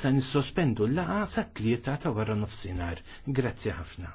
sa nissospendu l-laqa sa tlieta ta' wara nofsinhar. Grazzi ħafna.